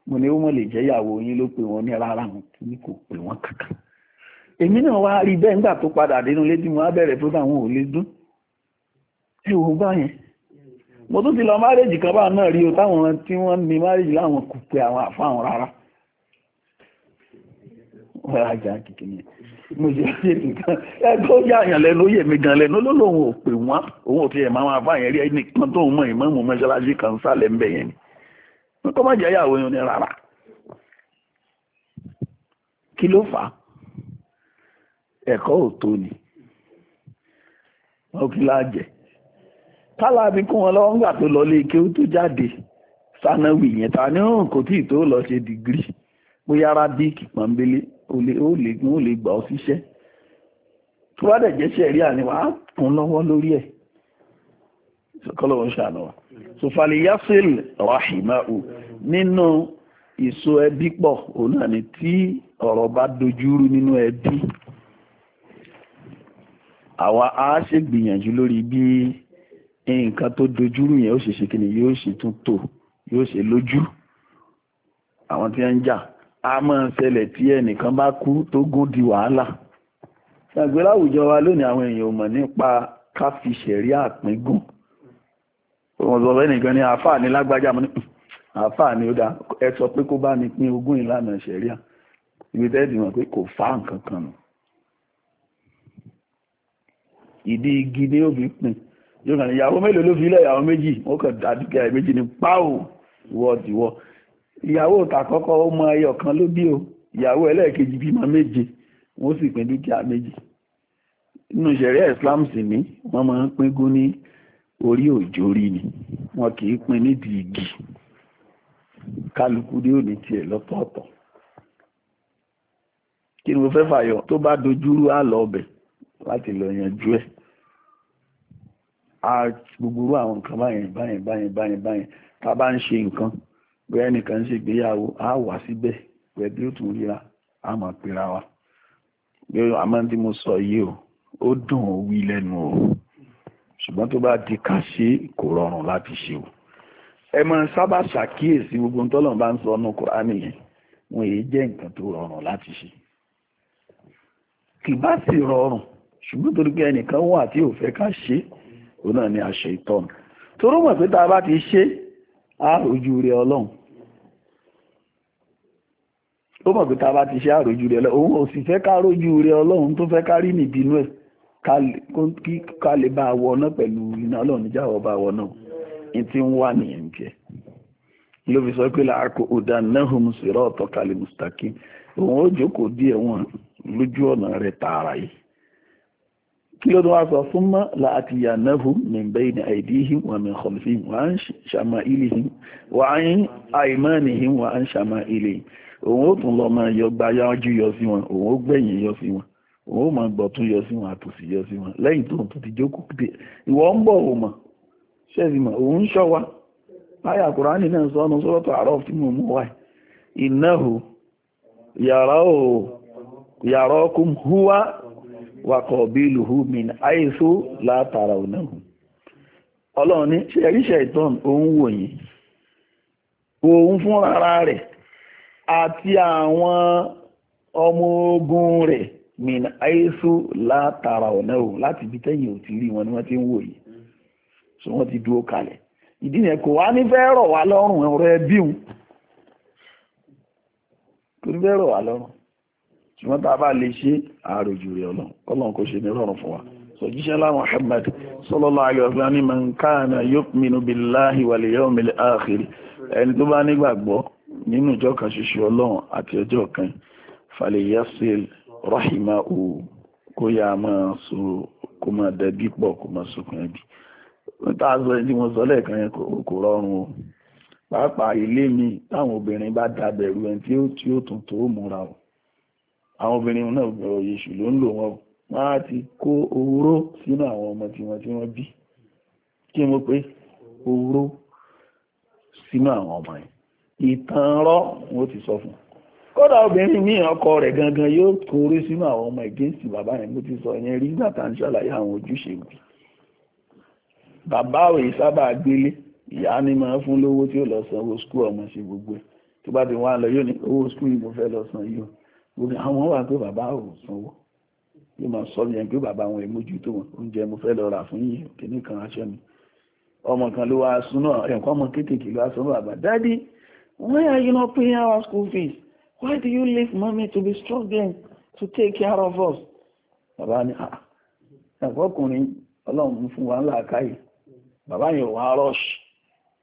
mo ní ó mọ̀ lè jẹ́ ìyàwó yín ló pè wọ́n ní rárá wọn ní kò pè wọ́n kankan èmi náà wá rí bẹ́ẹ̀ nígbà tó padà dénú létí mo á bẹ̀rẹ̀ program òun ò lè dún ẹ wò ó báyẹn mo tún ti lọ márèjì kan báwọn náà rí o táwọn tí wọ́n ní márèjì láwọn kò pé àwọn àfáwọn rárá ọ̀rájà kìkìní mo jẹ́ ṣe nìkan ẹgbẹ́ ó yà àyàn lẹ́nu ó yẹ̀ mí gan lẹ́nu lólóhùn ò pè wọ́n òun ò ti yẹ̀ máa fà yẹn rí ẹni kan tó ń mọ ìmọ̀ọ́mù mọ́ṣáláṣí kan sálẹ̀ ń bẹ̀ yẹn ni kọ́ má jẹ́ yàwó yẹn ni rárá tálábí kún wọn lọ́wọ́ ńgbà tó lọ lé kí ó tó jáde sanawi yẹn ta ni òun kò tíì tó lọ ṣe dìgírì bóyá arábíkì pọ̀nbélé ó lè gún ó lè gbà ọ́ síṣẹ́ tó bá dẹ̀ jẹ́ sẹ́rí àní kún lọ́wọ́ lórí ẹ̀ kọ́lọ́wọ́ ṣàánú wa sofali yasil rahimahu nínú ìso ẹbí pọ̀ òun náà ni tí ọ̀rọ̀ bá dojúrú nínú ẹbí àwa á ṣègbìyànjú lórí bíi nǹkan tó dojúrú yẹn ó sì ṣe kí ni yóò sì tún tò yóò ṣe lójú àwọn tí wọ́n ń jà a máa ṣẹlẹ̀ tí ẹnìkan bá kú tó gún di wàhálà ṣàgbé láwùjọ wa lónìí àwọn èèyàn ò mọ̀ nípa ká fi ṣẹ̀rí àpíngùn òun sọ fẹ́ nìkan ní àáfàá ní lágbájá mo ní hmm, àáfàá ni ó dáa ẹ sọ pé kó bá ní pín ogún ìlànà ṣẹ̀ríà ibi tẹ́ẹ̀dì mọ̀ pé kò fá nǹkan kan nù ìdí igi ni ó fi pín yóò kàn ìyàwó mélòó ló fi ilẹ̀ ìyàwó méjì ó kàn dàdúkẹ́ méjì ní páò ìwọ tìwọ ìyàwó tàkọ́kọ́ ó mọ ẹyọ kan ló bí o ìyàwó ẹlẹ́ẹ̀kejì bímọ méje wọ́n sì pín dúkìá méjì nínú ìṣẹ̀rẹ́ Islam sì ní wọ́n máa ń pín gún ní orí òjòrí ni wọn kì í pín nídìí igi kálukú ní òní tiẹ̀ lọ́tọ̀ọ̀tọ̀ kí ni mo fẹ́ fàyọ tó bá dojúrú àlọ́ ọbẹ̀ láti lọ yanjú ẹ̀ gbogbo àwọn nǹkan báyẹn báyẹn báyẹn báyẹn báyẹn tá a bá ń ṣe nǹkan bóyá ẹnìkan ń ṣe ìgbéyàwó á wà síbẹ̀ pẹ̀ bí ó tún ríra á máa pera wa bí àmọ́ tí mo sọ yìí o ó dùn ó wí lẹ́nu o ṣùgbọ́n tó bá di ká ṣe kò rọrùn láti ṣe o ẹ máa sábà ṣàkíyèsí gbogbo ohun tọ́lọ́run bá ń sọ ọ́nù kúránì yẹn wọn èyí jẹ́ nǹkan tó rọrùn láti ṣe kì bá sì rọrùn ṣùgbọ́n torí pé ẹnìkan wà tí ò fẹ́ ká ṣe òun náà ni àṣẹ ìtọ́nù torí mọ̀ pé tá a bá ti ṣe àròjú rẹ ọlọ́run ó mọ̀ pé tá a bá ti ṣe àròjú rẹ ọlọ́run òun ò sì fẹ́ ká rójú rẹ ọlọ́run tó fẹ́ ká rí nìbínú ẹ̀ kí ká lè bá wọ náà pẹ̀lú iná ọlọ́run níjà wọ bá wọ náà ní tí ń wà nìyẹn jẹ ló fi sọ pé làákò ọ̀dà náà mùsùlùmí ọ̀tọ̀ kalẹ̀ mùsùtàkì òun ó jókòó díẹ̀ wọn lójú ọ̀nà rẹ̀ tààrà yìí kí ló tó wá sọ fún mọ́ láàtìyà náà min bayni aydihim wa min khalfihim wa an shama'ilihim wa an aymanihim wa an shama'ilihim òun ó tún lọ máa yọ gba yájú yọ sí wọn òun ó gbẹ̀yìn yọ sí wọn òun ó máa gbọ̀ yọ sí wọn àtòsí yọ sí wọn lẹ́yìn tó tún ti jókòó dé ìwọ ń bọ̀ ò mọ̀ ṣẹ́ẹ̀sì mọ̀ òun ń ṣọ́ wa láyà kùránì náà sọ ọ́nà sọ́rọ́tọ̀ àárọ̀ tí mo mú wáyé innahu yàrá òkùn húwá waqabiluhu min haythu la tarawnahu ọlọ́run ní ṣẹ̀ríṣẹ̀ ìtàn òun wò yín òun fún ara rẹ̀ àti àwọn ọmọ ogun rẹ̀ min haythu la tarawnahu láti ibi tẹ́yìn ò ti rí wọn ni wọ́n ti ń wò yín so wọ́n ti dúró kalẹ̀ ìdí yẹn kò wá ní rọ̀ wá lọ́rùn ọ̀rọ̀ ẹbí òun kò ní rọ̀ wá lọ́rùn ṣùgbọ́n tá a bá lè ṣe àròjù rẹ̀ ọ̀nà ọlọ́run kò ṣe ní rọrùn fún wa sọ jíṣẹ́ láwọn Muhammad sallallahu alaihi wasallam ní man kana yu'minu billahi wal yawmil akhir ẹni tó bá nígbàgbọ́ nínú ìjọ kan ṣoṣo ọlọ́run àti ọjọ́ kan falyasil rahimahu kó yá máa so kó máa dẹbí pọ̀ kó máa sokùn ẹbí tá a sọ ẹni tí mo sọ lẹ́ẹ̀kan yẹn kò rọrùn o pàápàá ilé mi táwọn obìnrin bá dabẹ̀rù ẹni tí ó tún tó múra o àwọn obìnrin náà òye èṣù ló ń lò wọn wọ́n á ti kó oró sínú àwọn ọmọ tí wọ́n tí wọ́n bí kí mo pé oró sínú àwọn ọmọ yẹn ìtàn rọ́ wọ́n ti sọ fún kódà obìnrin ní ọkọ rẹ̀ gangan yóò torí sínú àwọn ọmọ ìgéǹsì bàbá yẹn mo ti sọ yẹn rí nígbà ń ṣàlàyé àwọn ojúṣe òbí bàbá òye sábà gbélé ìyá ni máa fún lówó tí ó lọ sanwó skul ọmọ sí gbogbo ẹ̀ tó bá ti wá lọ yóò ní owó skul yìí mo fẹ́ lọ san yìí gbogbo àwọn wà pé bàbá ò sanwó yóò máa sọ yẹn pé bàbá wọn èmójútó wọn oúnjẹ mo fẹ́ lọ rà fún yín kìíní kan aṣọ mi ọmọ kan ló wá súná ẹ̀kọ́ ọmọ kéékèèké ló wá sọ bàbá daddy why are you not paying our school fees why do you leave mommy to be struggling to take care of us bàbá ni ah, ẹ̀kọ́ ọkùnrin ọlọ́run fún wa ńlá káyì bàbá yẹn wà rush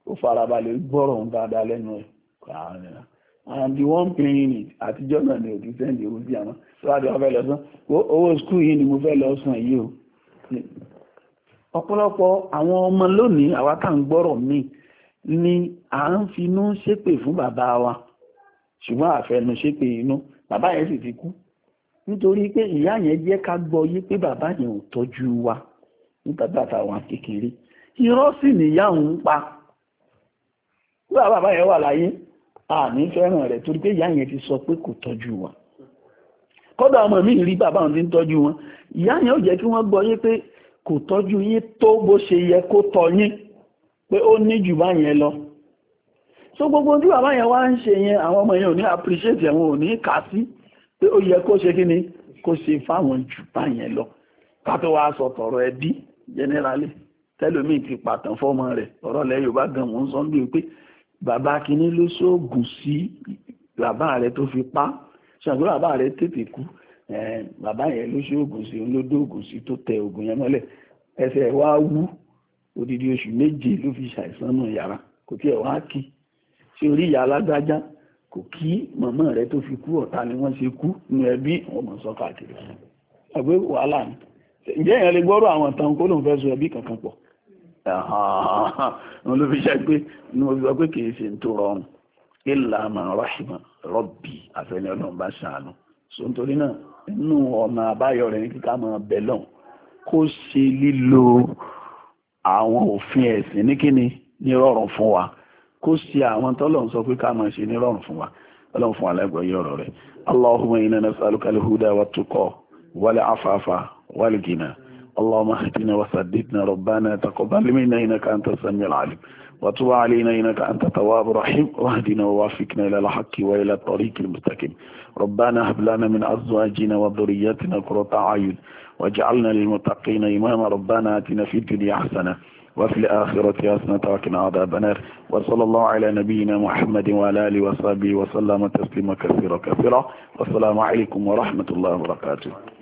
ó farabalẹ̀ gbọ́rọ̀ ń dáadáa lẹ́nu ẹ̀ kàá nìyà and the one paying it àtijọ́ náà ni òkè sẹ́ndì owó sí àmọ́ síwájú wọn fẹ́ lọ san owó skul yìí ni mo fẹ́ lọ san yìí o ọ̀pọ̀lọpọ̀ àwọn ọmọ lónìí àwa tá à ń gbọ́rọ̀ míì ni à ń finú ṣépè fún bàbá wa ṣùgbọ́n àfẹnu ṣépè inú bàbá yẹn sì ti kú nítorí pé ìyá yẹn jẹ́ ká gbọ́ yí pé bàbá yẹn ò tọ́jú wa nígbà tá àtàwọn kékeré irọ́ sì nìyá òun pa bàbá yẹn wà láyé àní fẹ́ràn rẹ̀ torí pé ìyá yẹn ti sọ pé kò tọ́jú wa kọ́dọ̀ ọmọ mi rí bàbá òun ti ń tọ́jú wọn ìyá yẹn ó jẹ́ kí wọ́n gbọ́ yé pé kò tọ́jú yín tó bó ṣe yẹ kó tọ́ yín pé ó ní jù bá yẹn lọ so gbogbo ojú bàbá yẹn wá ń ṣe yẹn àwọn ọmọ yẹn ò ní appreciate ẹ̀wọ̀n ò ní kà sí pé ó yẹ kó ṣe kí ni kó ṣe fáwọn jù bá yẹn lọ ká tó wàá sọ tọ̀rọ̀ ẹbí generally tẹlomi ti pàtàn fọ́mọ rẹ̀ ọ̀rọ̀ lẹ Yorùbá gan mò ń pé bàbá kínní ló ṣoògùn sí bàbá rẹ̀ tó fi pa ṣàgbọ́n bàbá rẹ̀ tètè kú bàbá yẹn ló ṣoògùn sí olódóògùn sí tó tẹ ògùn yẹn mọ́lẹ̀ ẹsẹ̀ wá wú odidi oṣù méje ló fi ṣàìsàn nù yàrá kò tí ẹ̀ wá kí ṣe orí ìyá alágbájá kò kí màmá rẹ̀ tó fi kú ọ̀tá ni wọ́n ṣe kú nu ẹbí ọmọ sọ káàkiri àgbẹ̀ wàhálà ni ǹjẹ́ ìyẹn lè gbọ́rọ̀ àwọn ìtàn kó lóun fẹ́ so ẹbí kankan pọ̀ ọ̀hún ló fi ṣe pé ní mo fi kìí ṣe tó rọrùn ilà man rahima rọ́bì àfẹ́ni ọlọ́run bá ṣàánú so nítorí náà nínú ọ̀nà àbáyọ rẹ̀ ní kíkà máa bẹ̀ lọ́n kó ṣe lílo àwọn òfin ẹ̀sìn ní kíni ní rọrùn fún wa kó ṣe àwọn tọ́lọ́run sọ pé ká máa ṣe ní rọrùn fún wa ọlọ́run fún ọ̀rọ̀ rẹ̀ allahumma inna wa اللهم اهدنا وسددنا ربنا تقبل منا إنك أنت السميع العليم وتب علينا إنك أنت التواب الرحيم واهدنا ووافقنا إلى الحق وإلى الطريق المستقيم ربنا هب لنا من أزواجنا وذرياتنا قرة أعين واجعلنا للمتقين إماما ربنا آتنا في الدنيا حسنة وفي الآخرة حسنة تركنا عذاب النار وصلى الله على نبينا محمد وعلى آله وصحبه وسلم تسليما كثيرا كثيرا والسلام عليكم ورحمة الله وبركاته